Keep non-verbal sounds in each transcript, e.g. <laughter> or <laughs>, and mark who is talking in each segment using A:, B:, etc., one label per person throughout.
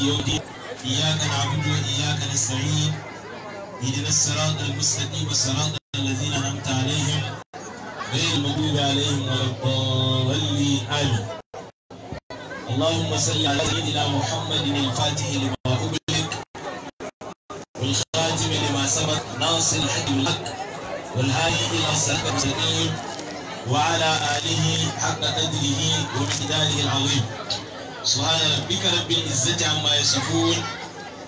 A: إياك نعبد وإياك نستعين اهدنا الصراط المستقيم صراط الذين أنعمت عليهم غير المغضوب عليهم ولا الضالين آمين اللهم صل على سيدنا محمد الفاتح لما أغلق والخاتم لما سبق ناصر الحق بالحق والهادي إلى الصراط المستقيم وعلى آله حق قدره ومقداره العظيم سبحان ربك رب العزة عما يصفون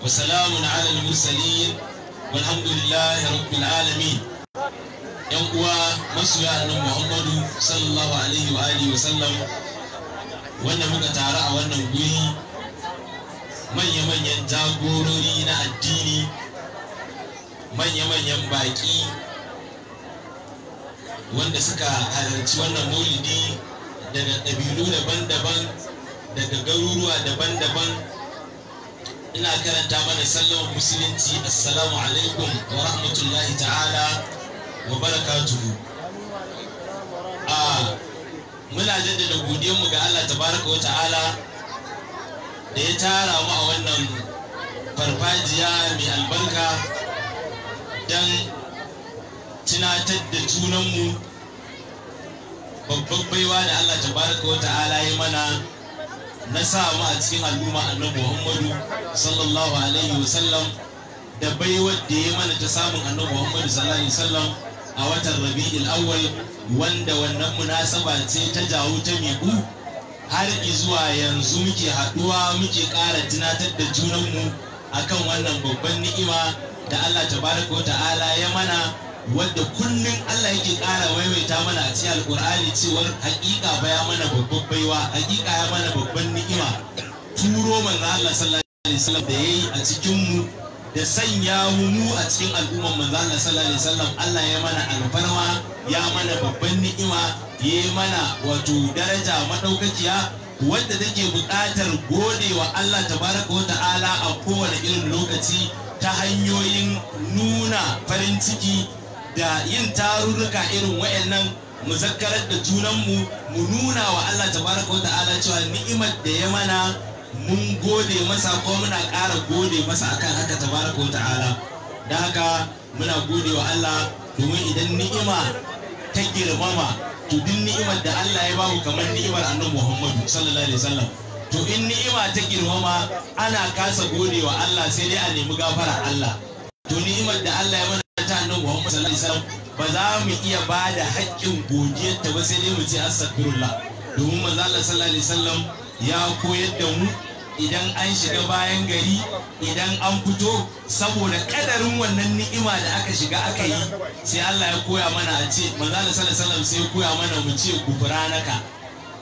A: وسلام على المرسلين والحمد لله رب العالمين yan uwa masoya nan Muhammadu sallallahu alaihi wa wa sallam wanda muka taru a wannan guri manya-manyan jagorori na addini manya-manyan baƙi wanda suka halarci wannan maulidi daga ɗabilu daban-daban daga garuruwa daban-daban ina karanta mana sallama musulunci assalamu alaikum wa rahmatullahi ta'ala wa barakatuhu a muna jaddada godiyanmu ga Allah tabaraka wa ta'ala da ya tara mu a wannan farfajiya mai albarka don tunatar da junanmu babban baiwa da Allah tabaraka wa ta'ala ya mana na sa mu a cikin al'umma annabi Muhammadu sallallahu alaihi wasallam da baiwar da ya mana ta samun annabi Muhammadu sallallahu alaihi wasallam a watan Rabi'ul Awwal wanda wannan munasaba ce ta jawo ta miƙu har zuwa yanzu muke haɗuwa muke ƙara tunatar da junanmu akan wannan babban ni'ima da Allah tabaraka wa ta'ala ya mana wanda kullum Allah yake ƙara waiwaita mana a cikin alƙur'ani cewar haƙiƙa ba ya mana babban baiwa haƙiƙa ya mana babban ni'ima turo manzo Allah sallallahu alaihi wasallam da yayi a cikin mu da sanya mu a cikin al'ummar manzo Allah sallallahu alaihi wasallam Allah ya mana alfarma ya mana babban ni'ima ya mana wato daraja madaukakiya wanda take buƙatar gode wa Allah tabaraka wa ta'ala a kowane irin lokaci ta hanyoyin nuna farin ciki da yin tarurruka irin wayannan mu zakarar da junanmu mu nuna wa Allah tabaraka wa ta'ala cewa ni'imar da ya mana mun gode masa ko muna ƙara gode masa akan haka tabaraka wa ta'ala da haka muna gode wa Allah domin idan ni'ima ta girmama to duk ni'imar da Allah ya bamu kamar ni'imar annabi Muhammadu sallallahu alaihi wasallam to in ni'ima ta girmama ana kasa gode wa Allah sai dai a nemi gafara Allah to ni'imar da Allah ya mana ta annabi Muhammad sallallahu alaihi wasallam ba za mu iya ba da haƙƙin goge ta ba sai dai mu ce astaghfirullah domin manzo Allah sallallahu alaihi wasallam ya koyar da mu idan an shiga bayan gari idan an fito saboda kadarin wannan ni'ima da aka shiga aka yi sai Allah ya koya mana a ce manzo Allah sallallahu alaihi wasallam sai ya koya mana mu ce gufranaka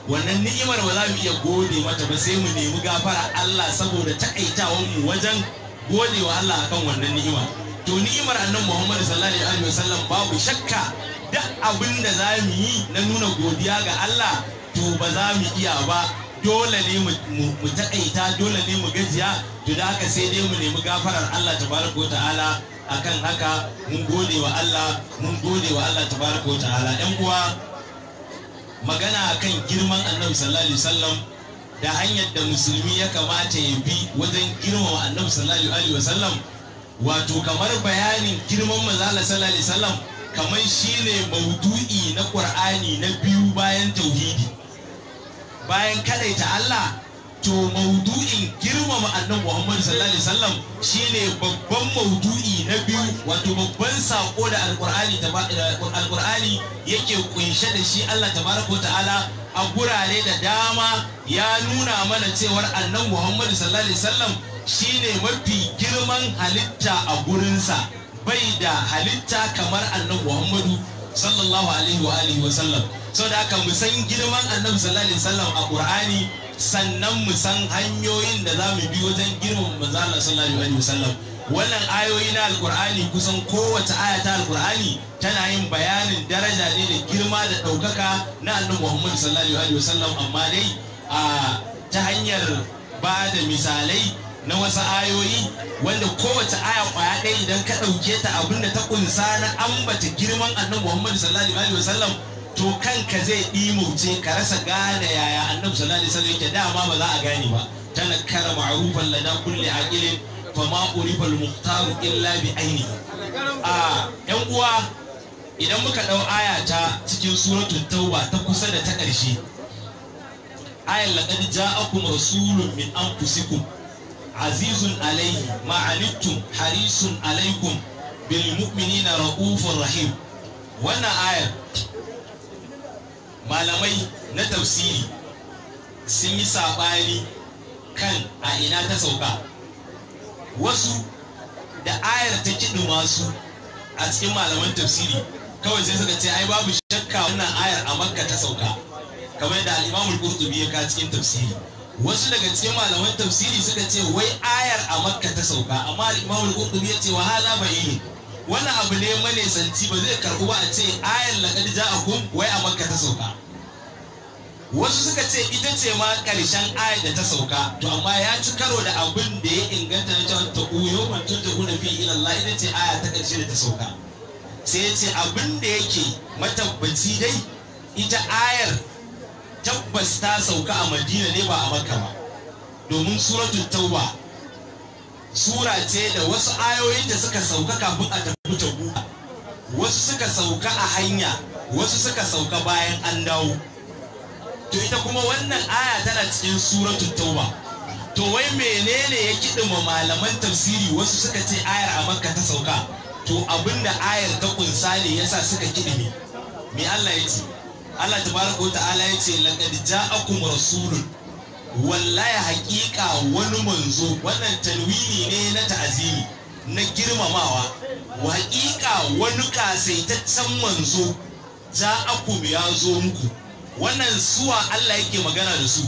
A: wannan ni'imar ba za mu iya gode mata ba sai mu nemi gafara Allah saboda takaitawan mu wajen gode wa Allah akan wannan ni'ima to ni'imar annabi Muhammad sallallahu alaihi sallam babu shakka duk abin da za mu yi na nuna godiya ga Allah to ba za mu iya ba dole ne mu taƙaita dole ne mu gajiya to da haka sai dai mu nemi gafarar Allah tabaraka ta'ala akan haka mun gode wa Allah mun gode wa Allah tabaraka ta'ala ɗan uwa magana akan girman annabi sallallahu alaihi wasallam da hanyar da musulmi ya kamata ya bi wajen girmama annabi sallallahu alaihi wasallam wato kamar bayanin girman manzala sallallahu alaihi wasallam kamar shine maudu'i na ƙur'ani na biyu bayan tauhidi bayan ta Allah to maudu'in girmama annabi Muhammad sallallahu alaihi wasallam shine babban maudu'i na biyu wato babban sako da alqur'ani yake kunshe da shi Allah tabaraka ta'ala a gurare da dama ya nuna mana cewar annabi Muhammad sallallahu alaihi shine mafi girman halitta a gurinsa bai da halitta kamar annabi Muhammadu sallallahu alaihi wa alihi wa sallam da haka mu san girman annabi sallallahu alaihi wasallam a Qur'ani sannan mu san hanyoyin da za mu bi wajen girman manzo sallallahu alaihi wasallam wannan ayoyi na alkur'ani kusan kowace aya ta alkur'ani tana yin bayanin daraja ne da girma da ɗaukaka na annabi Muhammad sallallahu alaihi wasallam amma dai a ta hanyar ba da misalai na wasu ayoyi wanda kowace aya kwaya ɗaya idan ka ɗauke ta abinda ta ƙunsa na ambata girman annabi muhammadu sallallahu alaihi wasallam to kanka zai ɗimauce ka rasa gane yaya annabi sallallahu alaihi wasallam yake dama ba za a gane ba tana kara ma'rufan lada kulli aqilin fa ma uriba al illa bi aini a yan uwa idan muka ɗau aya ta cikin suratul tauba ta kusa da ta ƙarshe ayar laqad ja'akum rasulun min anfusikum azizun alaihi ma'anittum harisun alaikum bil na ra'ufur rahim wannan ayar malamai na tafsiri sun yi saɓani kan a ina ta sauka wasu da ayar ta kiɗima masu a cikin malaman tafsiri kawai sai suka ce ai babu shakka wannan ayar a makka ta sauka kamar yadda al'imamul kurtubi ya ka cikin tafsiri wasu daga cikin malaman tafsiri suka ce wai ayar a makka ta sauka amma imamul qurtubi ya ce wa hala yi. Eh. wani abu ne manesanci ba zai karbu ba a ce ayar laqad ja'akum wai a makka ta sauka wasu suka ce ita ce ma karshen ayar da ta sauka to amma ya ci karo da abin da ya inganta na cewa ta uyo man tunta fi ila Allah ita ce aya ta karshe da ta sauka sai ya ce abin da yake matabbaci dai ita ayar tabbas ta sauka a madina ne ba a makka ba domin suratul tauba sura ce da wasu ayoyin da suka sauka kafin a tafi tabuka wasu suka sauka a hanya wasu suka sauka bayan an dawo to ita kuma wannan aya tana cikin suratul tauba to wai menene ya kiɗi ma malaman tafsiri wasu suka ce ayar a makka ta sauka to abinda ayar ta kunsa ne yasa suka kidime me Allah ya ce Allah tabaraka wa ta'ala ya ce laqad ja'akum rasulun wallahi haƙiƙa wani manzo wannan talwini ne na ta'azimi na girmamawa wa haƙiƙa wani kasaitaccen manzo ja'akum ya zo muku wannan suwa Allah yake magana da su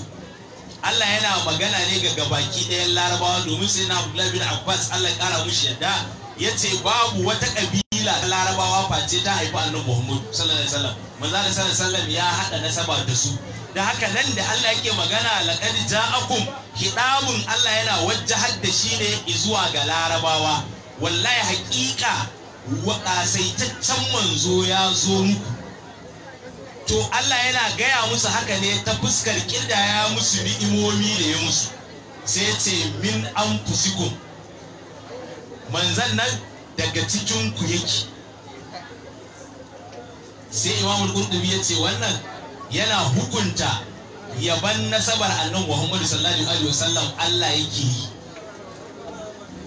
A: Allah yana magana ne ga gabaki ɗayan larabawa domin sai na Abdullahi bin Abbas Allah kara mushi yadda ya babu wata ƙabi. kabila larabawa face ta haifi annabi muhammadu sallallahu alaihi wasallam manzo Allah sallallahu ya hada nasaba da su da haka nan da Allah yake magana laqad ja'akum hidabun Allah yana wajjahar da shi ne zuwa ga larabawa wallahi ta wakasaitaccen manzo ya zo muku to Allah yana gaya musu haka ne ta fuskar ya musu ni'imomi da ya musu sai ce min anfusikum manzan nan daga cikin ku yake sai imamul qurtubi ya ce wannan yana hukunta yaban nasabar annabi muhammadu sallallahu alaihi wasallam Allah yake yi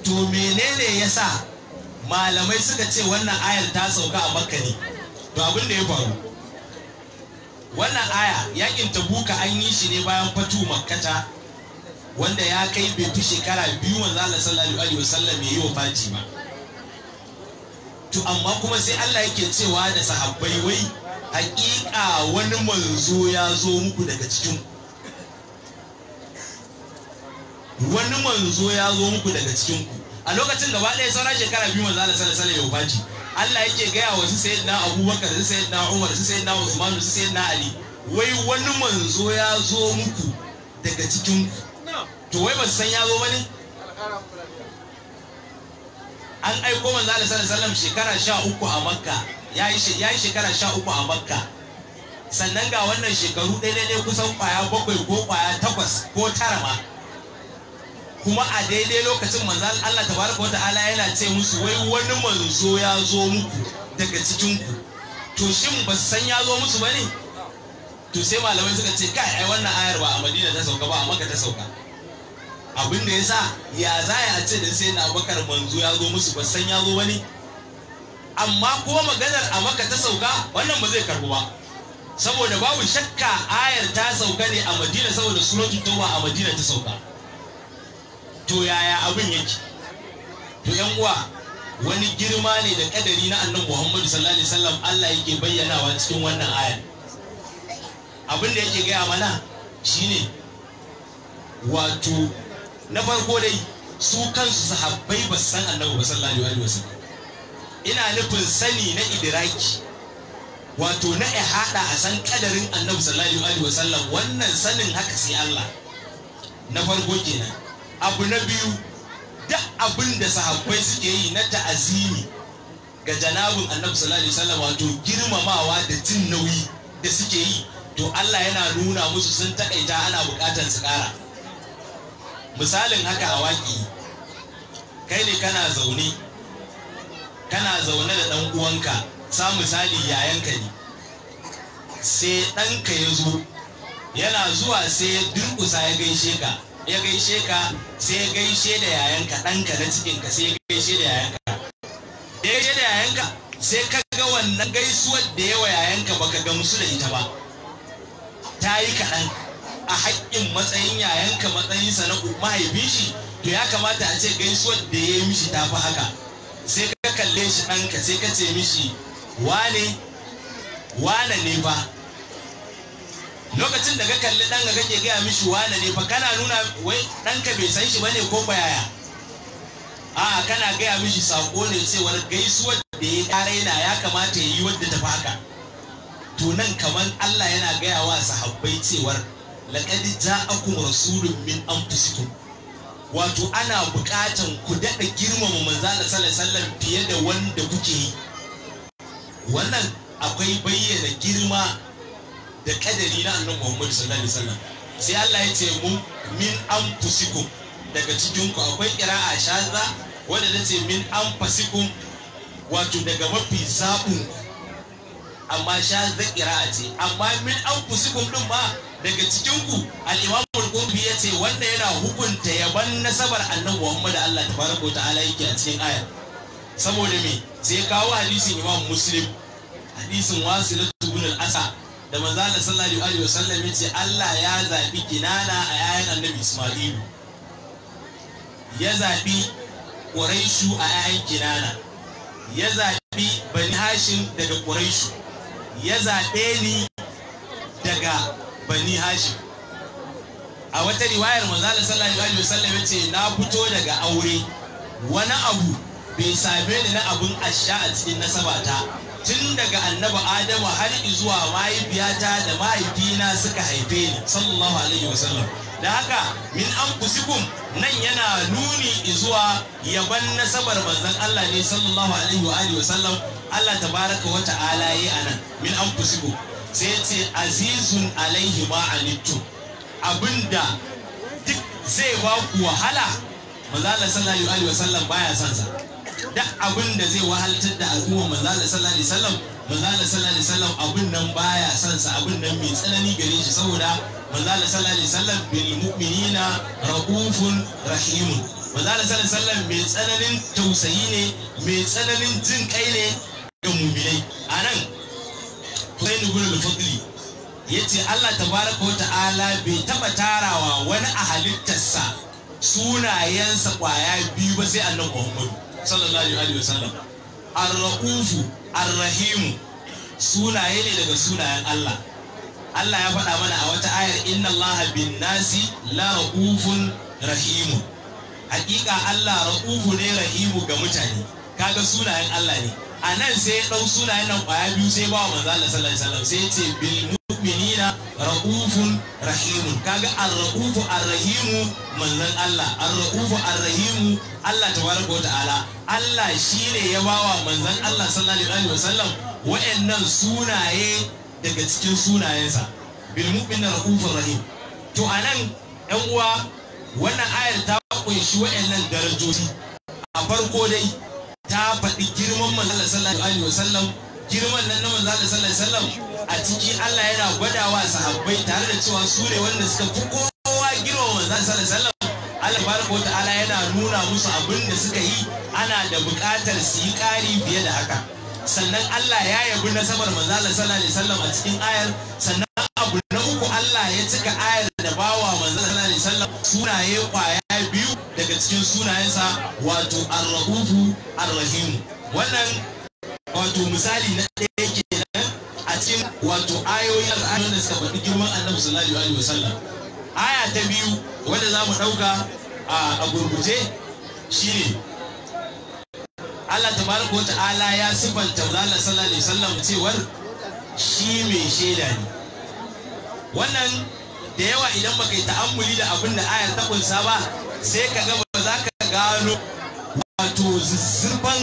A: to menene yasa malamai suka ce wannan ayar ta sauka a makka ne to abin da ya faru wannan aya yakin tabuka an yi shi ne bayan fatu makkata wanda ya kai bai fi shekara biyu manzo Allah sallallahu alaihi wasallam yayi wa Fatima to amma kuma sai Allah yake cewa da sahabbai wai hakika wani manzo ya zo muku daga cikin wani manzo ya zo muku daga cikin ku a lokacin gaba ɗaya saura shekara biyu manzo Allah sallallahu alaihi wasallam Allah yake gaya wa su sayyidina Abubakar su sayyidina Umar su sayyidina Usman su sayyidina Ali wai wani manzo ya zo muku daga cikin ku to wai ba san ya zo bane an aiko manzo Allah sallallahu alaihi shekara sha uku a makka ya yayi shekara sha uku a makka sannan ga wannan shekaru ɗaya ne kusan kwaya bakwai ko kwaya takwas ko tara ma kuma a daidai lokacin manzo Allah tabaraka wa ta'ala yana ce musu wai wani manzo ya zo muku daga cikin ku to shin ba san ya zo musu bane to sai malamai suka ce kai ai wannan ayar ba a Madina ta sauka ba a Makka ta sauka abin da ya sa ya za ya ce da sai na bakar manzo ya zo musu san ya zo wani amma ko maganar a maka ta sauka wannan ba zai karbu ba saboda babu shakka ayar ta sauka ne a madina saboda suratul tauba a madina ta sauka to yaya abin yake to yan uwa wani girma ne da kadari na annabi Muhammadu sallallahu alaihi wasallam Allah yake bayyanawa cikin wannan ayar abin da yake gaya mana shine wato na farko dai su kansu sahabbai ba san annabi ba sallallahu alaihi wasallam ina nufin sani na idiraki wato na ihada a san kadarin annabi sallallahu alaihi wasallam wannan sanin haka sai Allah na farko kenan abu na biyu duk abin da sahabbai suke yi na ta'azimi ga janabin annabi sallallahu alaihi wasallam wato girmamawa da jin nauyi da suke yi to Allah yana nuna musu sun takaita ana bukatar su kara misalin haka a waƙi kai ne kana zaune kana zaune da ɗan uwanka sa misali yayanka ne sai ɗanka ya zo yana zuwa sai ya durƙusa ya gaishe ka ya gaishe ka sai ya gaishe da yayanka ɗanka na cikinka sai ya gaishe da yayanka ya gaishe da yayanka sai ka ga wannan gaisuwar da yawa yayanka baka gamsu da ita ba ta yi kaɗan a haƙƙin matsayin yayanka matsayinsa na mahaifin shi to ya kamata a ce gaisuwar da ya yi mishi ta fi haka sai ka kalle shi ɗanka sai ka ce mishi wane wane ne ba lokacin da ka kalli ɗanka kake gaya mishi wane ne ba kana nuna wai ɗanka bai san shi bane ko bayaya a kana gaya mishi sako ne sai wani gaisuwar da ya ƙara yana ya kamata ya yi wadda ta fi haka to nan kamar Allah yana gaya wa sahabbai cewar laqad ja'akum rasulun min anfusikum wato ana buƙatan ku daɗa girmama manzo da sallallahu alaihi fiye da wanda kuke yi wannan akwai bayyana girma da kadari na annabi Muhammad sallallahu alaihi wasallam sai Allah ya ce mu min anfusikum daga cikin ku akwai kira'a shaza wanda ta ce min anfusikum wato daga mafi zaɓin amma shaza zakira ce amma min anfusikum din ma daga cikin ku al al yace wanda yana hukunta yaban nasabar Annabi Muhammad Allah tabaraka ta'ala yake a cikin aya saboda me sai kawo hadisin Imam Muslim hadisin Wasilatu ibn al-Asa da manzo Allah sallallahu alaihi wasallam yace Allah ya zabi Kinana a yayin Annabi Isma'il ya zabi Quraishu a yayin Kinana ya zabi Bani Hashim daga Quraishu ya zabe ni daga bani hashi a wata riwayar manzala sallallahu alaihi wasallam yace na fito daga aure wani abu bai same ni na abun asha a cikin nasabata tun daga annabi adamu har zuwa mahaifiyata da mahaifina suka haife ni sallallahu alaihi wasallam da haka min an anfusikum nan yana nuni zuwa yaban nasabar manzon Allah ne sallallahu alaihi wa alihi wasallam Allah tabaraka wa ta'ala yi anan min an anfusikum sai ya ce azizun alaihi ma anittu abinda duk zai ba ku wahala manzala sallallahu alaihi wasallam baya son sa duk abinda zai wahaltar da al'umma manzala sallallahu alaihi wasallam manzala sallallahu alaihi wasallam abin nan baya son sa abin nan mai tsanani gare shi saboda manzala sallallahu alaihi wasallam bil mu'minina raufun rahimun manzala sallallahu alaihi wasallam mai tsananin tausayi ne mai tsananin jin kai ne ga mu'minai anan Husain ibn al Ya ce Allah tabaraka Ta'ala bai taɓa tarawa wani a halittarsa sunayensa kwaya biyu ba sai annabi muhammadu sallallahu alaihi wasallam ar-raufu ar-rahimu sunaye ne daga sunayen Allah Allah ya faɗa mana a wata ayar inna Allah bin nasi la raufun rahimu hakika Allah raufu ne rahimu ga mutane kaga sunayen Allah ne a nan sai ya ɗau sunayen nan ƙwaya biyu sai ba wa manzo Allah sallallahu alaihi wasallam sai ya ce bil mu'minina ra'ufun rahimu. kaga ar-ra'ufu ar-rahimu manzon Allah ar-ra'ufu ar-rahimu Allah tabaraka wa ta'ala Allah shine ya bawa manzon Allah sallallahu alaihi wasallam wa'annan sunaye daga cikin sunayensa bil mu'minina ra'ufur rahim to anan yan uwa wannan ayar ta kunshi wa'annan darajoji a farko dai ta faɗi girman manzala sallallahu alaihi wasallam girman nan na manzala sallallahu alaihi wasallam a ciki Allah yana gwadawa sahabbai tare da cewa su ne wanda suka fi kowa girman manzala sallallahu alaihi wasallam Allah tabaraka ala yana nuna musu abin da suka yi ana da buƙatar su yi ƙari fiye da haka sannan Allah ya yabi nasabar manzala sallallahu alaihi wasallam a cikin ayar sannan abu na uku Allah ya cika ayar da bawa sunaye kwaya biyu daga cikin sunayensa wato arrahufu arrahimu wannan wato misali na ɗaya kenan a cikin wato ayoyin al'adun da suka faɗi girman annabi sallallahu alaihi wasallam aya ta biyu wanda za mu ɗauka a gurguje shine Allah tabaraka ta'ala ya sifanta Allah sallallahu alaihi wasallam cewar shi mai shaida ne wannan da yawa idan baka yi ta'ammuli da abin da ayar ta kunsa ba sai ka ga za ka gano wato zuzzurfan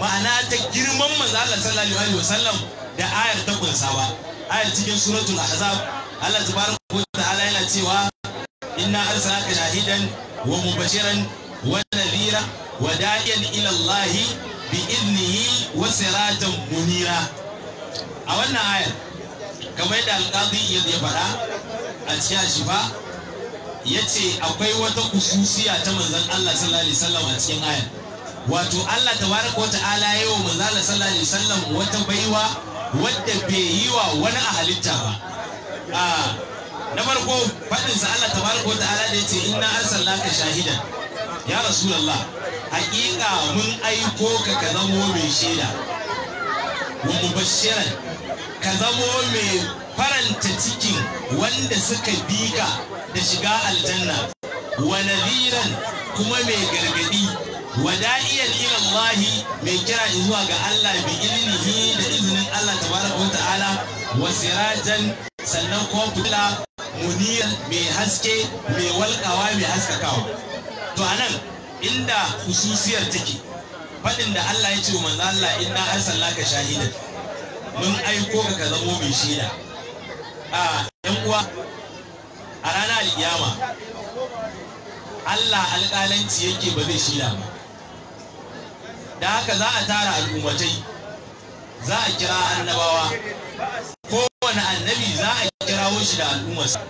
A: ma'ana ta girman manzo Allah sallallahu alaihi wasallam da ayar ta kunsa ba ayar cikin suratul ahzab Allah tabaraka wa ta'ala yana cewa inna arsalaka shahidan wa mubashiran wa nadhira wa da'iyan ila Allah bi idnihi wa siratan munira a wannan ayar kamar yadda alqadi ya faɗa a ciya shi ba ya ce akwai wata kususiya ta manzan Allah sallallahu alaihi wasallam a cikin ayar wato Allah wata wa ta'ala yayi wa manzan Allah sallallahu alaihi wasallam wata baiwa wadda bai yi wa wani a halitta ba na farko faɗinsa sa Allah tabaraka wa ta'ala da yace inna arsalnaka shahidan ya rasulullah haƙiƙa mun aiko ka ka zamo mai shaida wa mubashiran ka zamo mai faranta cikin wanda suka bika da shiga aljanna wa nadiran kuma mai gargadi Wadaiyar ila Allah mai kira zuwa ga Allah bi ilmihi da izinin Allah tabaraka wa ta'ala wa sirajan sannan kuma fitila munir mai haske mai walkawa, mai haskakawa to anan inda hususiyar take faɗin da Allah ya ce wa manzo Allah inna arsalaka shahidan mun aiko ka ka zamo mai shaida yan uwa a ranar alkiyama Allah alƙalanci yake ba zai shida ba da haka za a tara al'ummatai za a kira annabawa kowane annabi za a kirawo shi da al'ummarsa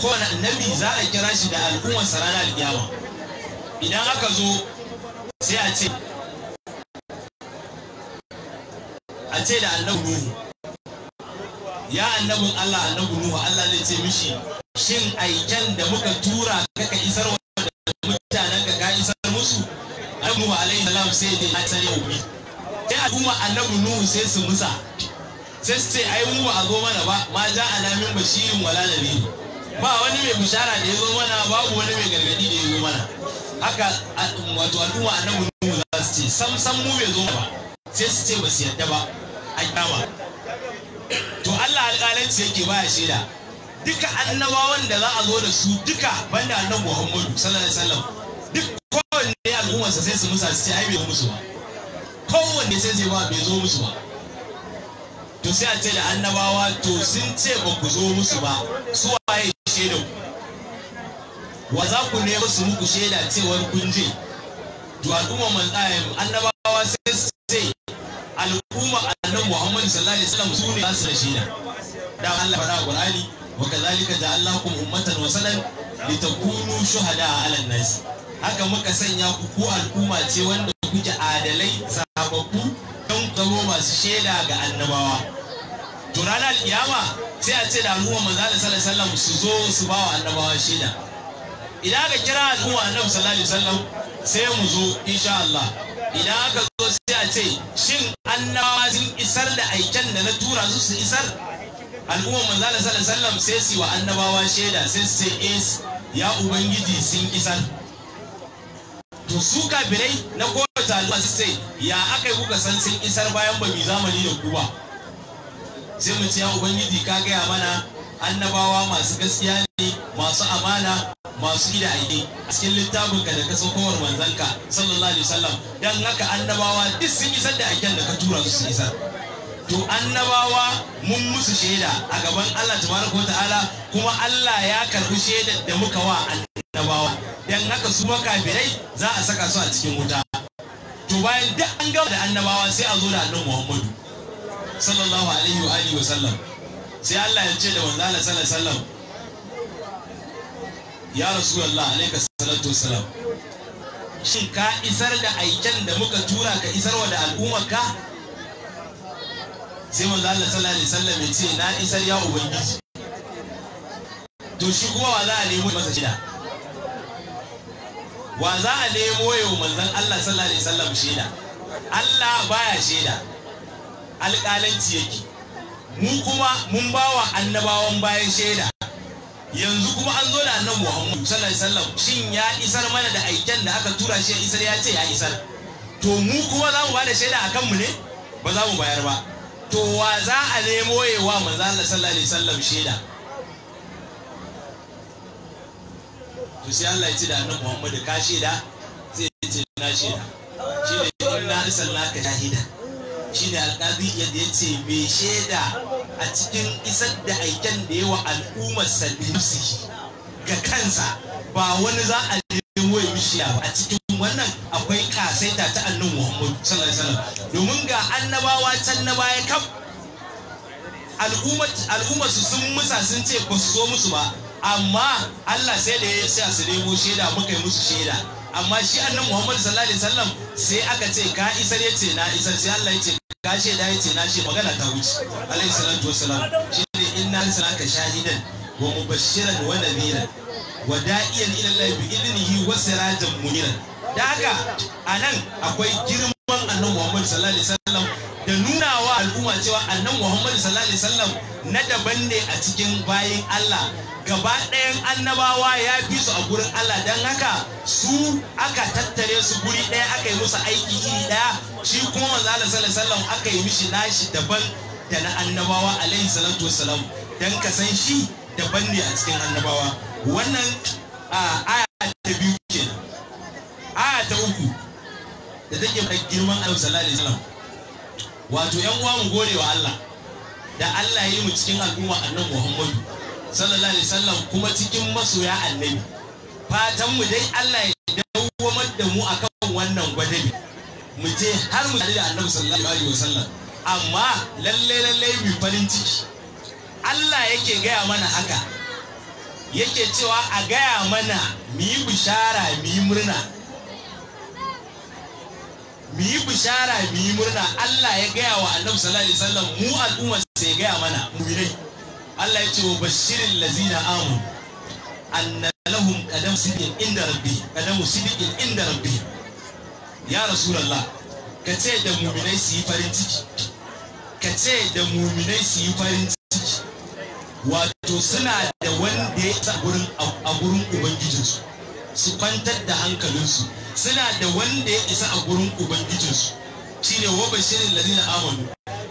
A: kowane annabi za a kira shi da al'ummarsa ranar alkiyama idan aka zo sai a ce a ce da annabi ya annabin Allah annabi Nuhu Allah zai ce mishi shin aikan da muka tura kaka isar wa da mutanen ka ka isar musu annabi Nuhu alaihi salam sai da ya ubi sai kuma annabi Nuhu sai su musa sai su ce ai mu ba a zo mana ba ma ja alamin bashirin wala nabi ba wani mai bishara da ya zo mana babu wani mai gargadi da ya zo mana haka wato al'umma annabi Nuhu za su ce sam sam mu bai zo ba sai su ce ba su yadda ba a kyama to Allah alƙalanci yake baya shaida duka annabawan da za a zo da su duka banda annabi Muhammadu sallallahu alaihi wasallam duk kowanne al'ummarsa sai su musa sai ai bai musu ba kowanne sai sai ba bai zo musu ba to sai a ce da annabawa to sun ce ba ku zo musu ba su waye shaida wa za ku nemo su muku shaida cewar kun je to al'ummar manzayin annabawa sai su ce al'umma annabi Muhammad sallallahu alaihi wasallam su ne za su rashi da Allah fara Qur'ani wa kadhalika ja'alnakum ummatan wasalan litakunu shuhada 'ala an-nas haka muka sanya ku ko al'umma ce wanda kuke adalai sababbu don kawo masu shaida ga annabawa to ranar kiyama sai a ce da al'umma manzo sallallahu alaihi wasallam su zo su ba wa annabawa shaida idan aka kira al'umma annabi sallallahu alaihi wasallam sai mu zo insha Allah idan aka zo sai a ce shin annawa sun isar da aiken da na tura su su isar al'ummar manzo Allah sallallahu alaihi wasallam sai su wa annabawa shaida sai su ce eh ya ubangiji sun isar to su kafirai na kowace al'umma su sai ya aka yi kuka san sun isar bayan ba mai zamani da ku ba sai mu ce ya ubangiji ka gaya mana annabawa masu gaskiya ne masu amana masu gida aiki a cikin littafin ka da ka saukowar manzanka sallallahu alaihi wasallam dan haka annabawa duk sun isar da aikin da ka tura su su isar to annabawa mun musu shaida a gaban Allah tabaraka wa ta'ala kuma Allah ya karbi shaidar da muka wa annabawa dan haka su makafirai za a saka su a cikin wuta to bayan duk an gama da annabawa sai a zo da annabawa Muhammadu sallallahu alaihi wa alihi wa sai Allah ya ce da wanda Allah sallallahu sallam ya rasu Allah alaika salatu Salam. shin ka isar da aiken da muka tura ka isarwa da al'ummar ka sai wanda Allah sallallahu alaihi ya ce na isar ya ubangiji to shi kuma wa za a nemo masa shida wa za a nemo yau manzon Allah sallallahu alaihi wasallam shida Allah baya shida alƙalanci yake Mun kuma mun bawa annabawan bayan shaida yanzu kuma an zo da annabi Muhammad sallallahu alaihi wasallam shin ya isar mana da aiken da aka tura shi ya isar ya ce ya isar to mu kuma za mu bada shaida akan mu ne ba za mu bayar ba to wa za a nemo yawa manzo Allah sallallahu alaihi wasallam shaida to sai Allah ya ce da annabawan Muhammad ka shaida sai ya ce na shaida shi ne inna arsalnaka shahida shine alkazi yadda ya ce mai shaida a cikin isar da aiken da yawa al'ummar salimsi ga kansa ba wani za a nemo ya mishiya ba a cikin wannan akwai kasaita ta annan muhammadu sallallahu alaihi wasallam domin ga annabawa can na baya kaf al'ummar su sun musa sun ce ba su zo musu ba amma Allah sai da ya sa su nemo shaida muka yi musu shaida amma shi annan Muhammad sallallahu alaihi wasallam sai aka ce ka isar yace na isar sai Allah yace ka ce da yace na ce magana ta wuce alayhi salatu wassalam shine inna ka shahidan wa mubashiran wa nadhiran wa da'iyan ila Allah bi idnihi wa sirajan munira da haka anan akwai girman annabi Muhammad sallallahu alaihi wasallam da nuna wa al'umma cewa annan muhammadu sallallahu alaihi wasallam na daban ne a cikin bayin allah gaba ɗayan annabawa ya fi su a gurin allah don haka su aka tattare su guri ɗaya aka yi musu aiki iri ɗaya shi kuma manzo allah sallallahu alaihi wasallam aka yi mishi nashi daban da na annabawa alaihi salatu wasalam don ka san shi daban ne a cikin annabawa wannan aya ta biyu kenan aya ta uku da take girman alaihi sallallahu alaihi wasallam wato yan uwa mu gode wa Allah da Allah ya yi mu cikin al'umma annabi Muhammadu sallallahu alaihi wasallam kuma cikin masoya annabi fatan mu dai Allah ya dawo da mu akan wannan gwadabi mu je har mu da annabi sallallahu alaihi wasallam amma lalle lalle bi farin ciki Allah yake gaya mana haka yake cewa a gaya mana mu yi bishara mu yi murna mu yi bishara mu yi murna Allah ya gaya wa annabi sallallahu alaihi wasallam mu al'umma sai ya gaya mana mu'minai Allah ya ce wa bashirin lazina amu anna lahum qadam sidiqin inda rabbi qadam sidiqin inda rabbi ya rasulullah ka ce da mu'minai su yi farin ciki ka ce da mu'minai su yi farin ciki wato suna da wanda ya sa gurin a gurin ubangijinsu su kwantar da hankalinsu suna da wanda ya isa a gurin ubangijinsu ne wa bashirin ladina amonu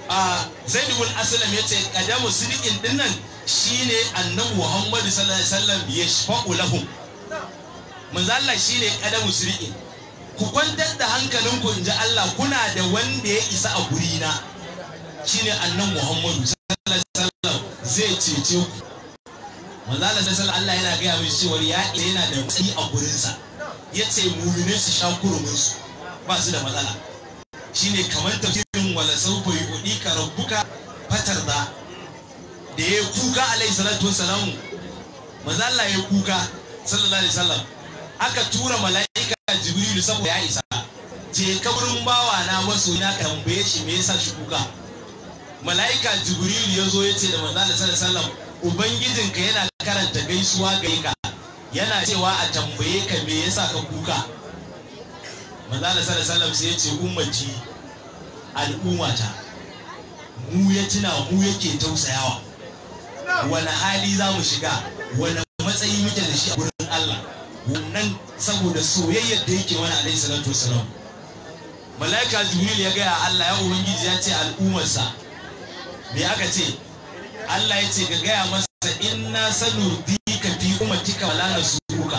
A: a zaid ya ce yace kadamu sidiqin dinnan shi annabi muhammad sallallahu alaihi wasallam ya shafa'u ulahum. manzo shi ne kadamu sidiqin ku kwantar da hankalinku in ji Allah kuna da wanda ya isa a gurina Shi annabi muhammad sallallahu alaihi wasallam zai cece ku manzo Allah sallar Allah yana gaya min cewar ya yana da matsayi a gurinsa ce mu'minin su sha kurumin su ba su da matsala shine kamar tafsirin wala sawfa ka rabbuka fatar da da ya kuka alaihi salatu wassalamu manzo Allah ya kuka sallallahu alaihi wasallam aka tura mala'ika jibril saboda ya isa je kaburin bawa na maso na tambaye shi me yasa shi kuka mala'ika jibril ya zo ya ce da manzo Allah sallallahu alaihi wasallam ubangijinka yana karanta gaisuwa gare ka yana cewa a tambaye ka me yasa ka kuka manzo Allah sallallahu alaihi sai ya ce ummati al'ummata mu ya tuna mu yake tausayawa wani hali za mu shiga wani matsayi muke da shi a gurin Allah wannan saboda soyayyar da yake wani alaihi salatu wasalam malaika jibril ya gaya Allah ya ubangiji ya ce al'ummarsa me aka ce Allah ya ce ka gaya masa inna sanurdika fi ummatika wala nasuruka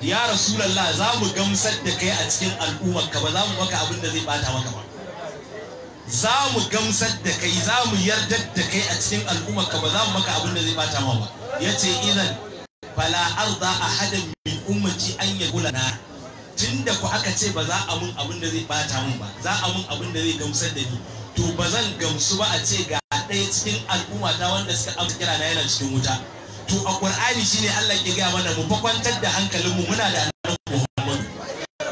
A: ya rasulullah za mu gamsar da kai a cikin al'ummarka ba za mu baka abin da zai bata maka ba za mu gamsar da kai za mu yardar da kai a cikin al'ummarka ba za mu baka abin da zai bata maka ba yace idan fala arda ahadan min ummati an yaqula na tunda ku aka ce ba za a mun abin da zai bata mun ba za a mun abin da zai gamsar da ni to ba zan gamsu ba a ce ga ɗaya cikin al'umma ta wanda suka amsa kira na yana cikin wuta to a qur'ani shine Allah ke gaya mana mu kwantar da hankalinmu muna da annabi Muhammad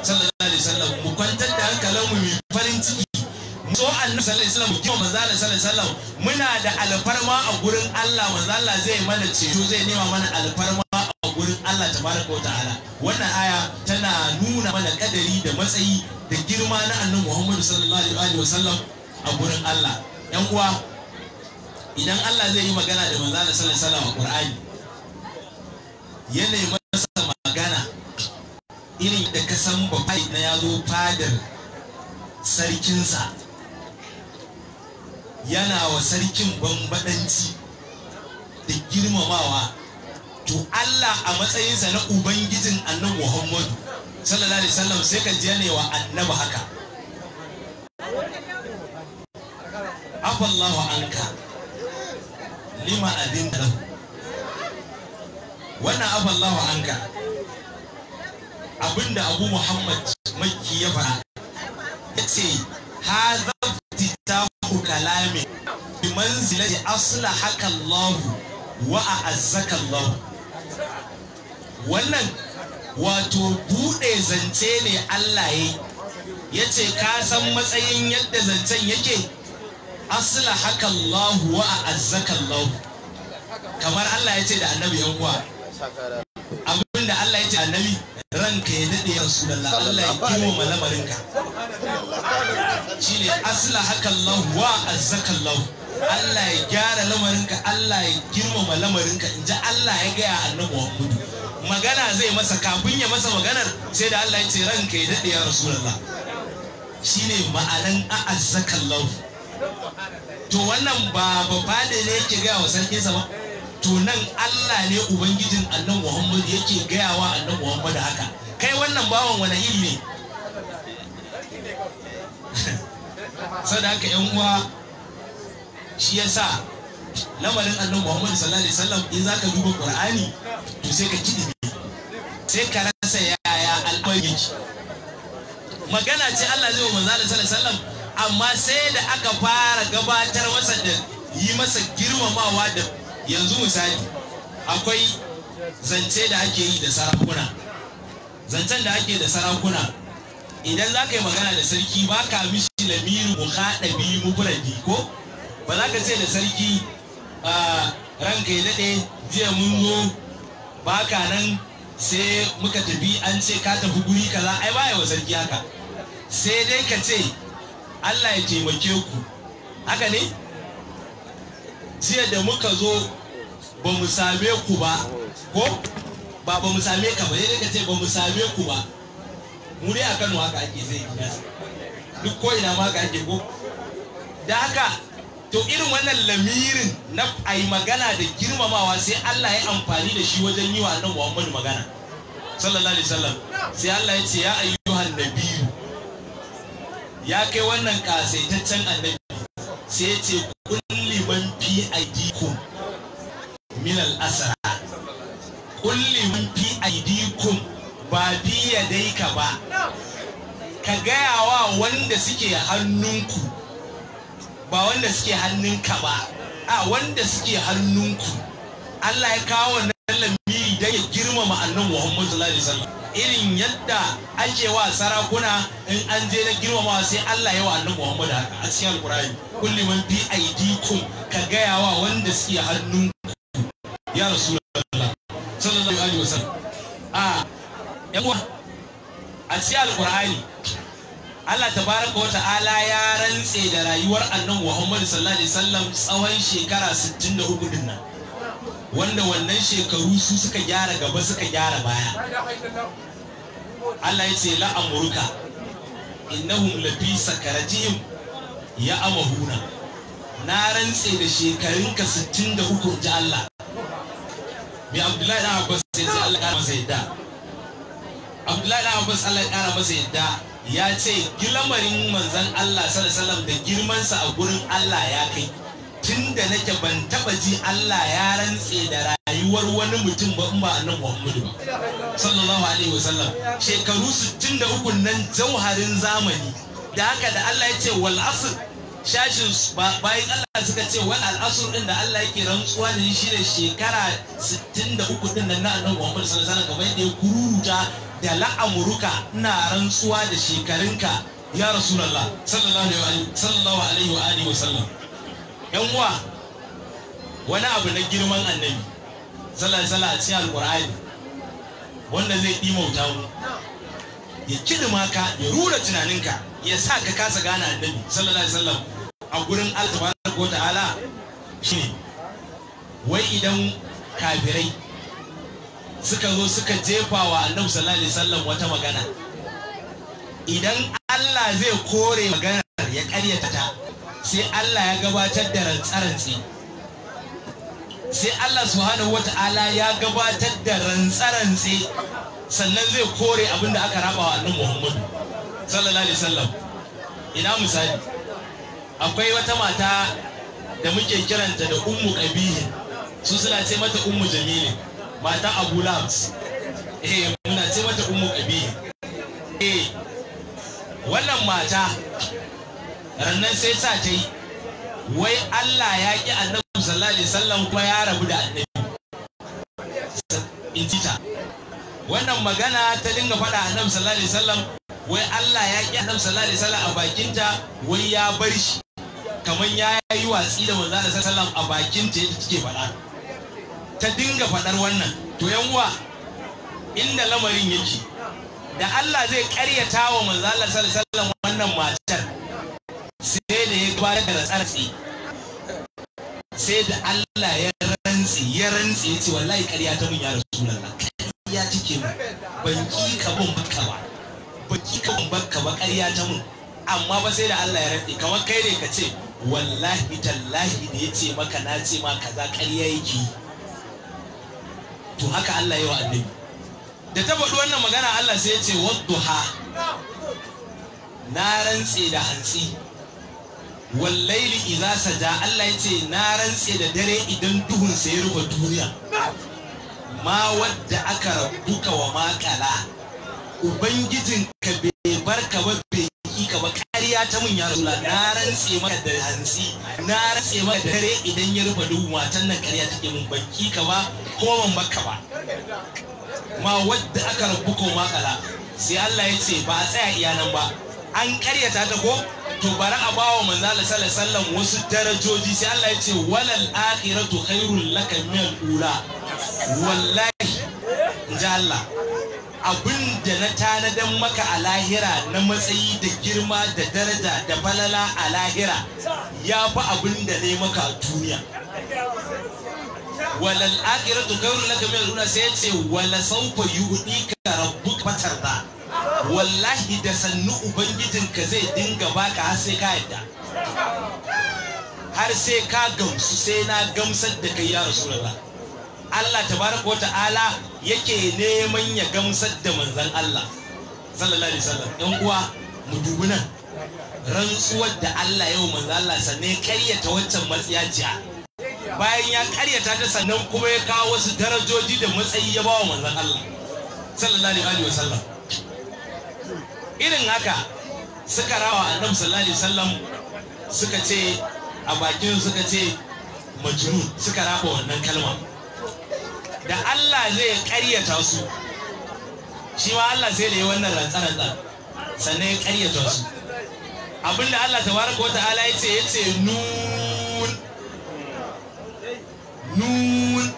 A: sallallahu alaihi wasallam mu kwantar da hankalinmu mu farin ciki mu so annabi sallallahu alaihi wasallam mu kiwa sallallahu alaihi wasallam muna da alfarma a gurin Allah manzo Allah zai mana ceto zai nema mana alfarma a gurin Allah tabaraka wa ta'ala wannan aya tana nuna mana kadari da matsayi da girma na annabi Muhammad sallallahu alaihi wa sallam. a gurin Allah yan uwa idan Allah zai yi magana da manzo Allah sallallahu alaihi wasallam Qur'ani yana masa magana irin da ka san babai na yazo fadar sarkinsa yana wa sarkin bambadanci da girmamawa to Allah a matsayinsa na ubangijin annabi Muhammadu sallallahu alaihi wasallam sai ka je ne wa annabi haka afallahu anka lima abin da wannan anka abinda abu muhammad makki ya fara ya ce ha zafti ta kalami bi manzilati asla haka allahu wa azzaka allahu wannan wato buɗe zance ne allah ya ya ce ka san matsayin yadda zancen yake haka Allah wa azzaka Allah kamar Allah ya ce da annabi yan uwa abinda Allah ya ce annabi ranka ya dade ya rasulullah Allah ya kiwo malamarinka shine haka Allah wa azzaka Allah Allah ya gyara lamarinka Allah ya girmama lamarinka inji Allah ya gaya annabi Muhammadu magana zai masa kafin ya masa maganar sai da Allah ya ce ranka ya dade ya rasulullah shine ma'anan a'azzakallahu to wannan ba bafade ne yake gaya wa sarkinsa ba to nan Allah ne ubangijin Allah Muhammad yake gaya wa Allah Muhammad haka kai wannan bawan wani iri ne <laughs> sau da haka yan uwa shi ya sa lamarin Allah Muhammad sallallahu alaihi wasallam in za ka duba Qur'ani to sai ka kiɗi sai ka rasa yaya al'amari magana ce Allah zai wa manzo sallallahu alaihi wasallam amma sai da aka fara gabatar masa da yi masa girmamawa da yanzu misali akwai zance da ake yi da sarakuna zancen da ake da sarakuna idan za ka yi magana da sarki ba ka mishi lamiru mu haɗa biyu mu ko ba za ka ce da sarki ranka ya daɗe jiya mun zo ba ka nan sai muka tafi an ce ka tafi guri kaza ai baya wa sarki haka sai dai ka ce Allah ya taimake ku haka ne jiya da muka zo ba mu same ku ba ko ba ba mu same ka ba sai ka ce ba mu same ku ba mu a Kano haka ake zai gida duk ko ina ma ka ake ko da haka to irin wannan lamirin na a yi magana da girmamawa sai Allah ya amfani da shi wajen yi wa annabi Muhammad magana sallallahu alaihi wasallam sai Allah ya ce ya ayyuhan nabiyyu ya kai wannan kasaitaccen annabi sai ce kulli man fi aidikum min al-asra kulli man fi aidikum ba bi yadaika ba ka gaya wa wanda suke hannunku ba wanda suke hannunka ba a wanda suke hannunku Allah ya kawo wannan lamiri dai ya girmama annan Muhammadu sallallahu alaihi wasallam irin yadda ake wa sarakuna in an je na girmama sai Allah ya wa annabi Muhammad haka a cikin Alƙur'ani kulli man bi aidikum ka gaya wa wanda suke hannun ya rasulullah sallallahu alaihi wasallam a ya uwa a cikin Alƙur'ani Allah tabaraka wa ta'ala ya rantse da rayuwar annabi Muhammad sallallahu alaihi wasallam tsawon shekara 63 din nan wanda wannan shekaru su suka gyara gaba suka gyara baya Allah ya ce la'amuruka innahum lafi sakarajihim ya amahuna na rantse da shekarunka 63 ji Allah bi Abdullahi da Abbas sai Allah ya masa yadda Abdullahi da Abbas Allah ya kara masa yadda ya ce gilamarin manzon Allah sallallahu alaihi wasallam da girmansa a gurin Allah ya kai tun da nake ban taba ji Allah ya rantse da rayuwar wani mutum ba in ba annabi Muhammadu ba sallallahu alaihi wasallam shekaru 63 nan jauharin zamani da haka da Allah ya ce wal asr shashin bayan Allah suka ce wal asr din da Allah yake rantsuwa da shi ne shekara 63 din nan na annabi Muhammad sallallahu alaihi wasallam kamar da ya kururuta da la'amuruka ina rantsuwa da shekarunka ya rasulullah sallallahu alaihi wa alihi wa sallam yan uwa wani abu na girman annabi sallallahu a cikin alqur'ani wanda zai dimauta mu ya kidi ka ya rura tunaninka ya sa ka kasa gane annabi sallallahu alaihi wasallam a gurin Allah ko ta'ala shine wai idan kafirai suka zo suka jefa wa annabi sallallahu alaihi wasallam wata magana idan Allah zai kore maganar ya karyata ta sai Allah ya gabatar da rantsarantsi sai Allah subhanahu wata'ala ya gabatar da rantsarantsi sannan zai kore abin da aka raba wa annabi Muhammadu sallallahu alaihi wasallam ina misali akwai wata mata da muke kiranta da ummu qabihi su suna ce mata ummu jamili mata Abu Labs eh muna ce mata ummu qabihi eh wannan mata rannan sai sa ta yi wai Allah ya ƙi annabi sallallahu alaihi wasallam kuma ya rabu da annabi in ta wannan magana ta dinga faɗa annabi sallallahu alaihi wasallam wai Allah ya ƙi annabi sallallahu alaihi wasallam a bakin ta? wai ya bar shi kamar ya yi watsi da manzo alaihi wasallam a bakin ta yadda take faɗa ta dinga faɗar wannan to yan uwa inda lamarin yake da Allah zai ƙaryata wa manzo alaihi wasallam wannan matar kwana da ratsatsi sai da Allah ya rantsi ya rantsi ya ce wallahi ƙarya ta mun ya rasulullah ƙarya take mu ban ki ka bin bakka ba ban ki ka bin bakka ba ƙarya ta mun amma ba sai da Allah ya rantsi kamar kai ne ka ce wallahi tallahi da ya ce maka na ce ma kaza ƙarya yake to haka Allah ya wa annabi da ta faɗi wannan magana Allah sai ya ce wadduha na rantse da hantsi wallaili iza saja Allah yace na rantse da dare idan duhun sa ya rufe duniya ma wadda aka rabuka wa makala ubangijin ka bai barka ba bai yi ka ba kariya ta mun ya rula na rantse maka da hantsi na rantse maka da dare idan ya rufe duhu matan nan kariya take mun baki ka ba ko ban baka ba ma wadda aka rabuka wa makala sai Allah yace ba a tsaya iyanan ba an karyata ta ko to bari a bawa manzo Allah sallallahu alaihi wasallam wasu darajoji sai Allah ya ce walal akhiratu khairul laka min al-ula wallahi inja Allah abin da na tanadan maka a lahira na matsayi da girma da daraja da falala a lahira ya fi abin da ne maka a duniya walal akhiratu khairul laka min al-ula sai ya ce wala sawfa yu'dika rabbuka fatarda wallahi da sannu ubangijinka zai dinga baka har sai ka yadda har sai ka gamsu sai na gamsar da kai ya rasulullah Allah tabaraka wa ta'ala yake neman ya gamsar da manzon Allah sallallahu alaihi wasallam dan uwa mu dubi nan rantsuwar da Allah yau manzon Allah sanne karyata waccan matsiyaciya bayan ya karyata ta sannan kuma ya kawo wasu darajoji da matsayi ya ba wa manzon Allah sallallahu alaihi wasallam irin haka suka rawa annabi sallallahu alaihi wasallam suka ce a bakin suka ce majnun suka raba wannan kalma da Allah zai ƙaryata su shi ma Allah sai da yi wannan rantsa-rantsa sannan ya karyata su abinda Allah tabaraka wa ta'ala ya ce ya ce nun nun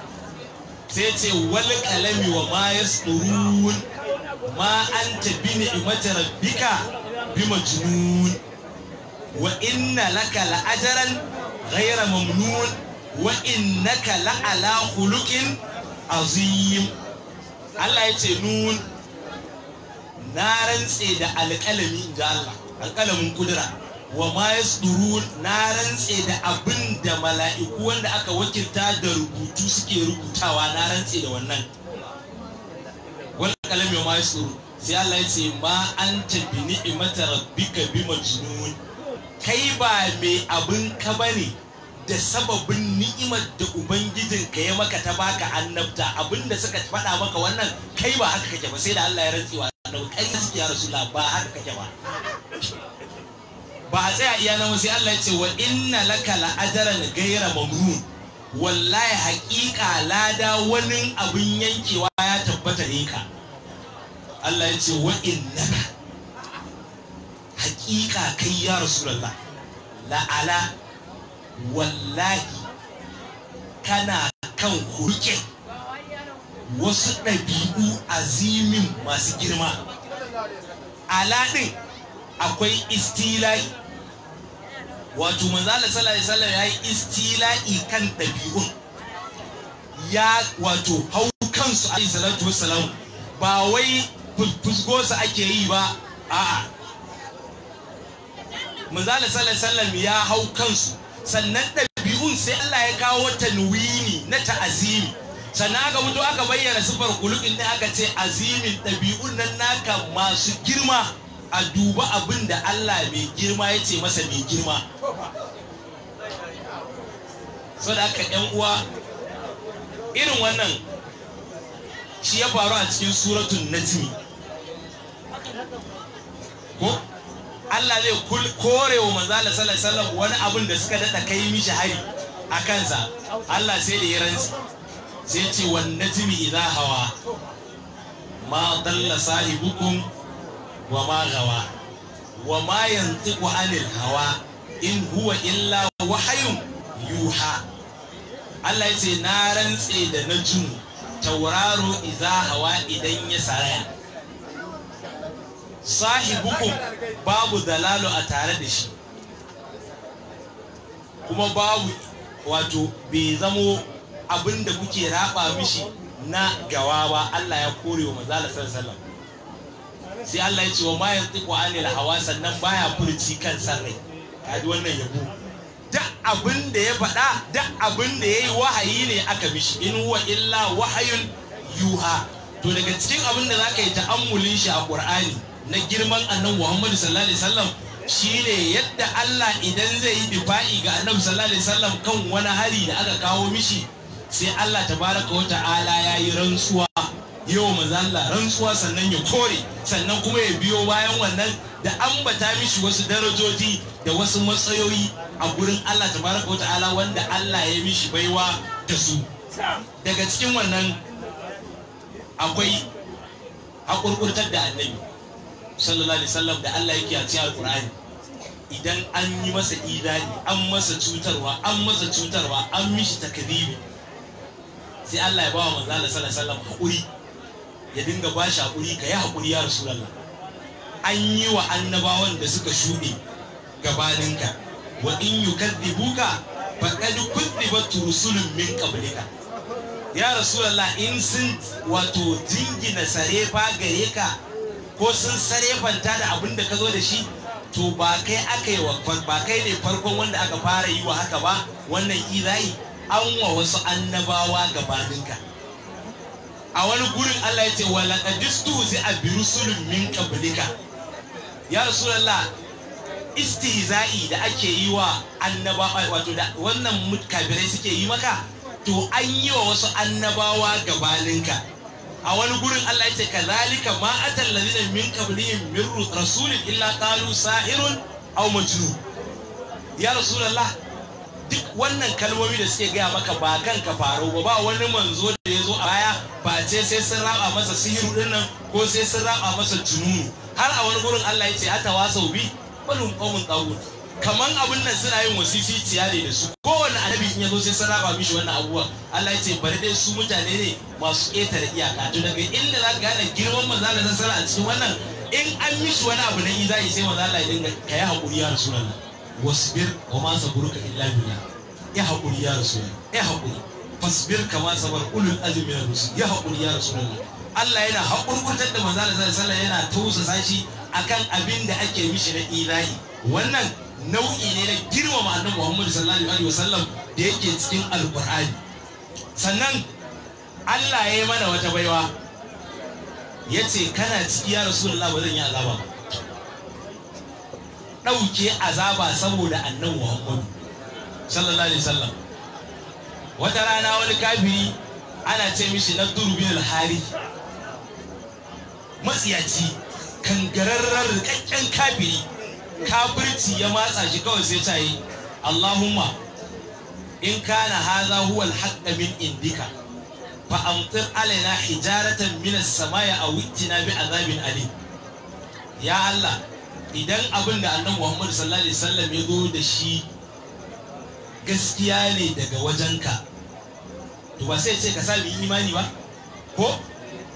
A: sai ya ce wal kalami wa ma yasdurun
B: ma anta
A: bi ni'mati rabbika bi majnun wa inna laka la'ajaran ghayra mamnun wa innaka la'ala khuluqin azim Allah ya ce nun na rantse da alƙalami da Allah alƙalamin kudura wa ma yasdurun na rantse da abin da mala'iku wanda aka wakilta da rubutu suke rubutawa na rantse da wannan wal qalam mai yasur sai Allah ya ce ma an tafi ni'mati rabbika bi majnun kai ba mai abin ka bane da sababin ni'imar da ubangijin ka ya maka ta baka annabta da suka faɗa maka wannan kai ba haka kake ba sai da Allah ya rantsewa annabi kai gaskiya rasulullah ba haka kake ba ba a tsaya iya nan sai Allah ya ce wa inna laka la'ajran ghayra mamnun wallahi haƙiƙa lada wani abin yankewa ya tabbata ne ka Allah ya ce wa innaka haƙiƙa kai ya rasulullah la'ala wallahi kana kan kurke wasu ɗabi'u azimin masu girma ala ɗin akwai istilai wato manzo Allah sallallahu alaihi wasallam yayi istila'i kan dabi'un ya wato hau kansu a salatu wassalam ba wai fusgo su ake yi ba a manzo Allah sallallahu alaihi wasallam ya hau kansu sannan dabi'un sai Allah ya kawo nuwini na ta'azimi sannan aka mutu aka bayyana sifar kulukin ne aka ce azimin dabi'un nan naka masu girma a duba abin da Allah mai girma ya ce masa mai girma so da aka yan uwa irin wannan shi ya faru a cikin suratun najmi ko Allah zai kore wa manzala sallallahu wani abin da suka daɗa kai mishi hari a kansa Allah sai da ya rantsi sai ce wan najmi za hawa ma dalla sahibukum wa ma gawa wa ma yantiqu anil hawa in huwa illa wahayun yuha Allah yace na rantse da na jin tauraro iza hawa idan ya saraya sahibukum babu dalalu a tare da shi kuma babu wato bai zamo abinda kuke raba mishi na gawa ba Allah ya kore wa manzala sallallahu sai Allah ya ce wa ma an anil hawa sannan baya furci kan san rai ji wannan yabo da abin da ya faɗa da abin da yayi wahayi ne aka mishi in huwa illa wahayun yuha to daga cikin abin da zaka yi ta'ammulin shi a Qur'ani na girman annabi Muhammad sallallahu alaihi wasallam shine yadda Allah idan zai yi difa'i ga annabi sallallahu alaihi wasallam kan wani hari da aka kawo mishi sai Allah tabaraka wa ta'ala yayi rantsuwa yau manzo Allah rantsuwa sannan ya kore sannan kuma ya biyo bayan wannan da ambata mishi wasu darajoji da wasu matsayoyi a gurin Allah tabaraka wata'ala wanda Allah ya mishi baiwa da su daga cikin wannan akwai hakurkurtar da annabi sallallahu alaihi wasallam da Allah yake a cikin alqur'ani idan an yi masa idani an masa cutarwa an masa cutarwa an mishi takribi sai Allah ya ba wa manzo sallallahu alaihi wasallam hakuri ya dinga ba shi haƙuri ka yi haƙuri ya rasulallah an yi wa annabawan da suka shuɗe gabaninka wa in yukaddibuka faqad ba turusulun min qablika ya rasulallah in sun wato jingina sarefa gare ka ko sun sarefanta da abin da ka zo da shi to ba kai aka yi ba kai ne farkon wanda aka fara yi wa haka ba wannan izai an wa wasu annabawa gabaninka a wani gurin Allah ya ce wa laqadistu zai a bi rusulun min qablika ya rasulullah istihza'i da ake yi wa annabawa wato da wannan kafirai suke yi maka to an yi wa wasu annabawa gabaninka a wani gurin Allah ya ce kazalika ma atal ladina min qablihim min rasulin illa qalu sahirun aw majnun ya rasulullah duk wannan kalmomi da suke gaya maka ba kan ka faro ba ba wani manzo da ya zo a baya ba ce sai sun raba masa sihiru din nan ko sai sun raba masa jununu har a wani gurin Allah ya ce ata wasau bi balun qawmun tawut kaman abun nan suna yin wasisi tiyare da su kowane annabi in ya zo sai sun raba mishi wannan abubuwa Allah ya ce bari dai su mutane ne masu ƙetare iyaka to daga inda za ka gane girman manzo Allah sallallahu alaihi a cikin wannan in an mishi wani abu na izayi sai manzo Allah ya dinga kai hakuri ya rasulullah wasbir wa ma saburuka illa billah ya haƙuri ya rasu ya haƙuri fasbir kama sabar ulul azmi ya rasul ya haƙuri ya rasu Allah yana haƙurƙurtar da manzo Allah sallallahu yana tausasa shi akan abin da ake mishi na ilahi wannan nau'i ne na girmama annabi Muhammad sallallahu alaihi wasallam da yake cikin alqur'ani sannan Allah ya yi mana wata baiwa yace kana ciki ya rasulullah ba zan yi azaba ba ɗauke azaba saboda annan Muhammadu sallallahu alaihi wasallam wata rana wani kafiri ana ce mishi na durbin alhari matsiyaci kangararren rikakken kafiri kafirci ya matsa shi kawai sai ta yi Allahumma in kana haza huwa alhaqqa min indika fa amtir alaina hijaratan min as samaai aw itina bi azabin alim ya Allah idan abin da annan muhammadu sallallahu alaihi wasallam ya zo da shi gaskiya ne daga wajenka to ba sai ce ka sami imani ba ko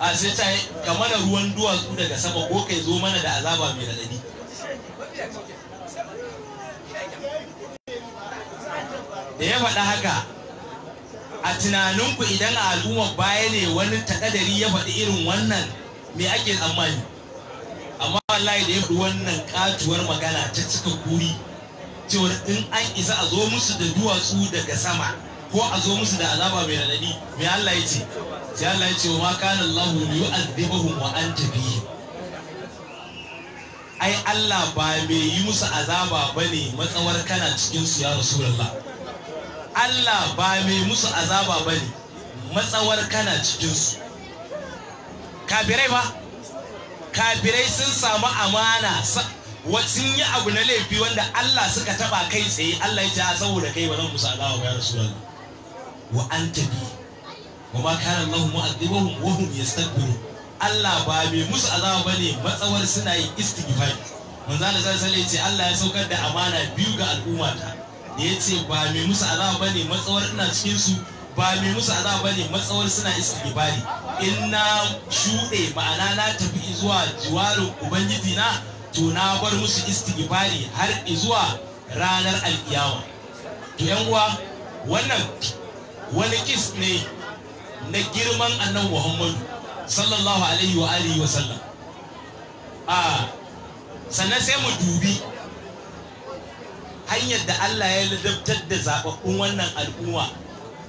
A: a sai ta ka mana ruwan duwatsu daga sama ko kai zo mana da azaba mai radadi da ya faɗa haka a tunaninku idan a al'ummar baya ne wani takadari ya faɗi irin wannan me ake tsammani wallahi da ya bi wannan katuwar magana ta cika guri cewar in an isa a zo musu da duwatsu daga sama ko a zo musu da azaba mai radadi mai Allah ya ce sai Allah ya ce wa kana Allahu yu'adhibuhum wa anta fihi ai Allah ba mai yi musu azaba bane matsawar kana cikin su ya rasulullah Allah ba mai musu azaba bane matsawar kana cikin su kafirai ba kafirai sun samu amana sun yi abu na laifi wanda Allah suka taba kai tsaye Allah ya ji saboda kai ba zan kusa wa ya rasulullah wa an tabi wa ma kana Allah mu'adhibuhum wa hum yastakbirun Allah ba bai musu azaba bane matsawar suna yin istighfar manzo Allah ya ce Allah ya saukar da amana biyu ga al'ummata da ce ba mai musu azaba bane matsawar ina cikin su ba mai musu azaba ne matsawar suna istighfari in na shuɗe ma'ana na tafi zuwa jiwarin ubangiji na to na bar musu istighfari har zuwa ranar alkiyama to yan uwa wannan wani kis ne na girman annabi Muhammadu sallallahu alaihi wa alihi wa sallam a sannan sai mu dubi hanyar da Allah ya ladabtar da zababbun wannan al'umma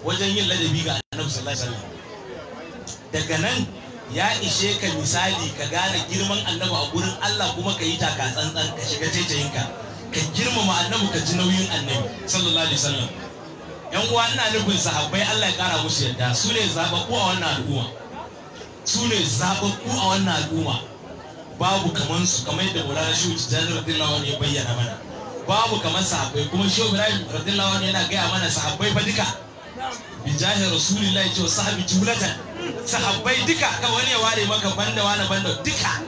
A: wajen yin ladabi ga annabi sallallahu alaihi daga nan ya ishe ka misali ka gane girman annabi a gurin Allah kuma ka yi taka tsantsan ka shiga jejayinka ka girmama annabi ka ji nauyin annabi sallallahu alaihi wasallam yan uwa ina nufin sahabbai Allah ya kara musu yadda su ne zababku a wannan al'umma su ne zababku a wannan al'umma babu kaman su kamar yadda shi wuce Tijjani radiyallahu anhu ya bayyana mana babu kamar sahabbai kuma Shehu Ibrahim radiyallahu anhu yana gaya mana sahabbai fa duka bijahi rasulillah ce sahabi jumlatan sahabbai duka ka wani ya ware maka banda wani banda duka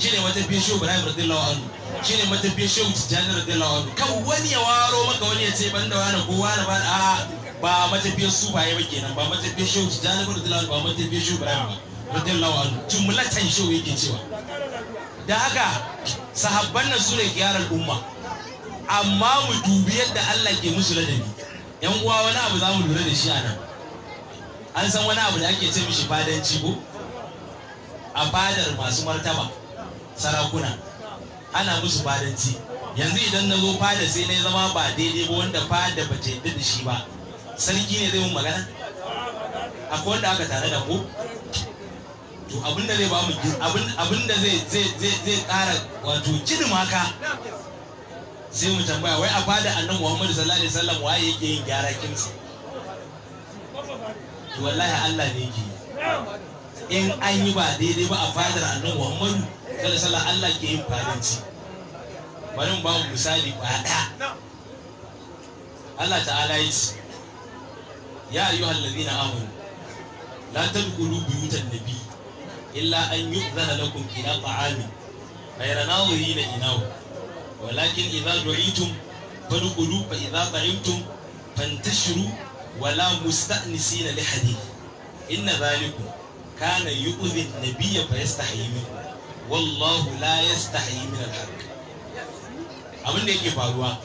A: shine matafiya shi ibrahim radiyallahu anhu shine matafiya shehu tijjani radiyallahu anhu Ka wani ya waro maka wani ya ce banda wani ko wani ba a ba matafiya su ba ya ba kenan ba matafiya shehu tijjani radiyallahu anhu ba mata matafiya shi ibrahim radiyallahu anhu jumlatan shehu yake cewa da haka sahabban nan su ne kiyar umma amma mu dubi yadda Allah ke musu ladabi yan uwa wani abu za mu lura da shi a nan an san wani abu da ake ce mishi fadan ko a fadar masu martaba sarakuna ana musu ci yanzu idan na zo fada sai na zama ba daidai ba wanda fada ba ta da shi ba sarki ne zai mun magana akwai wanda aka tare da ku to abinda zai ba mu abinda zai zai zai kara wato girma ka sai mu tambaya wai a fada annan Muhammadu sallallahu alaihi wasallam waye yake yin gyara kinsa to wallahi Allah ne yake in an yi ba daidai ba a fadar annan Muhammadu sallallahu alaihi wasallam Allah ke yin fadanci bari mu ba mu misali kwada Allah ta'ala ya ce ya ayyuhal ladina amanu la tadkhulu buyutan nabi illa an yu'zana lakum ila ta'amin na ina inahu walakin idza du'itum fadkhulu fa idza ta'imtum fantashiru wala musta'nisina na hadith inna dhalikum kana yu'dhi an-nabiyya fa yastahi minkum wallahu abin da yake faruwa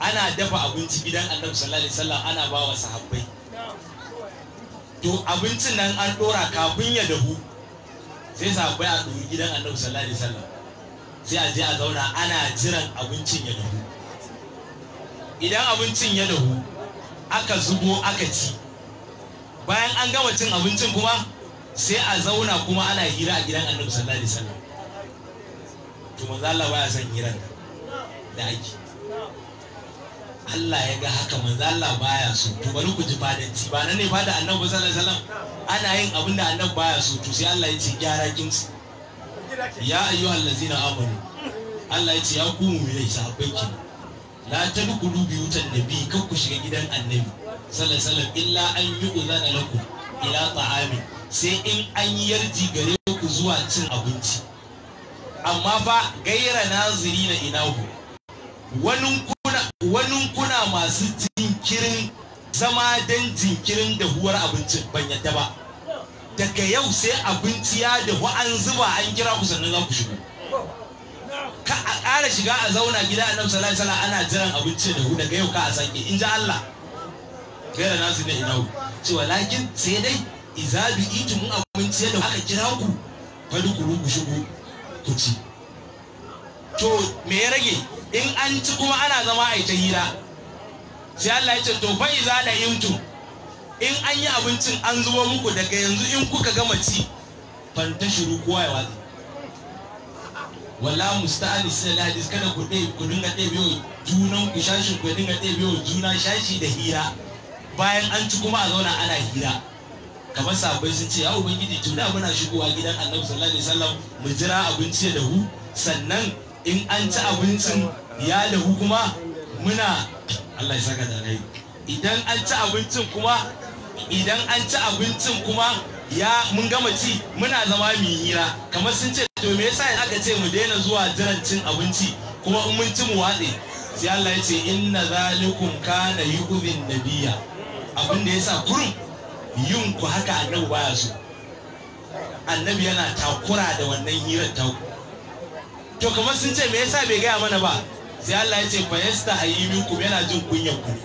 A: ana dafa abinci gidan annabi sallallahu alaihi wasallam ana ba wa sahabbai to abincin nan an dora kafin ya dahu sai sahabbai a dori gidan annabi sallallahu alaihi wasallam sai a je a zauna ana jiran abincin ya dahu idan abincin ya dahu aka zubo aka ci bayan an gama cin abincin kuma sai a zauna kuma ana hira a gidan annabi sallallahu alaihi wasallam to manzo Allah baya son hirar da ake Allah ya ga haka manzo Allah baya so to bari ku ji fadanci ba nan ne fada annabi sallallahu alaihi wasallam ana yin abin da annabi baya so to sai Allah ya ce gyara kinsu ya ayu allazina amanu Allah ya ce ya ku mu'minai sahabbai ki la tadkhulu wutan nabi kan ku shiga gidan annabi sallallahu alaihi illa an yu'zana lakum ila ta'ami sai in an yarji gare ku zuwa cin abinci amma fa gaira naziri na inahu wani kuna masu jinkirin zama dan jinkirin dahuwar abincin ban yadda ba daga yau sai abinci ya dahu an zuba an kira ku sannan za ku shiga. ka a ƙara shiga a zauna gida a nan salai sala ana jiran abinci da daga yau ka a sake in ji Allah gaira su ne inawu cewa walakin sai dai iza bi mun abinci da aka kira ku fadi ku ku shigo ku ci to me ya rage in an ci kuma ana zama a ta hira sai Allah ya ce to fa iza da imtum in an yi abincin an zuwa muku daga yanzu in kuka gama ci shiru kowa ya wazi wala musta'ani sai hadis kana ku dai ku dinga biyo junan ku shashi ku dinga biyo juna shashi da hira bayan an ci kuma a zauna ana hira kamar sabai sun ce ya ubangiji tunda muna shigowa gidan annabi sallallahu alaihi wasallam mu jira abinci ya dahu sannan in an ci abincin ya dahu kuma muna Allah ya saka da rai idan an ci abincin kuma idan an ci abincin kuma ya mun gama ci muna zama mu hira kamar sun ce to me yasa aka ce mu daina zuwa jiran cin abinci kuma in mun ci mu watse sai Allah ya ce inna zalikum kana yu'dhin nabiyya abin da yasa kurum yin ku haka annabi baya so annabi yana takura da wannan hirar ta to kamar sun ce me yasa bai gaya mana ba sai Allah ya ce fa yasta ayyukum yana jin kunyan ku ne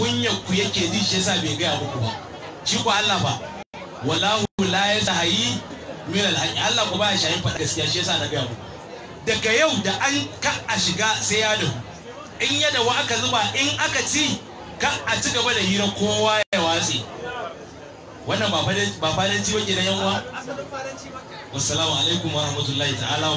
A: kunyan ku yake ji shi yasa bai gaya muku ba shi ku Allah ba wallahu la yasahi min alhaqi Allah ku ba ya shayin faɗa gaskiya shi yasa na gaya muku daga yau da an ka a shiga sai ya dahu in ya dahu aka zuba in aka ci ka a ci gaba da hira kowa ya watsi. wannan ba fadanci ba ke na uwa wassalamu alaikum wa rahmatullahi ta'ala wa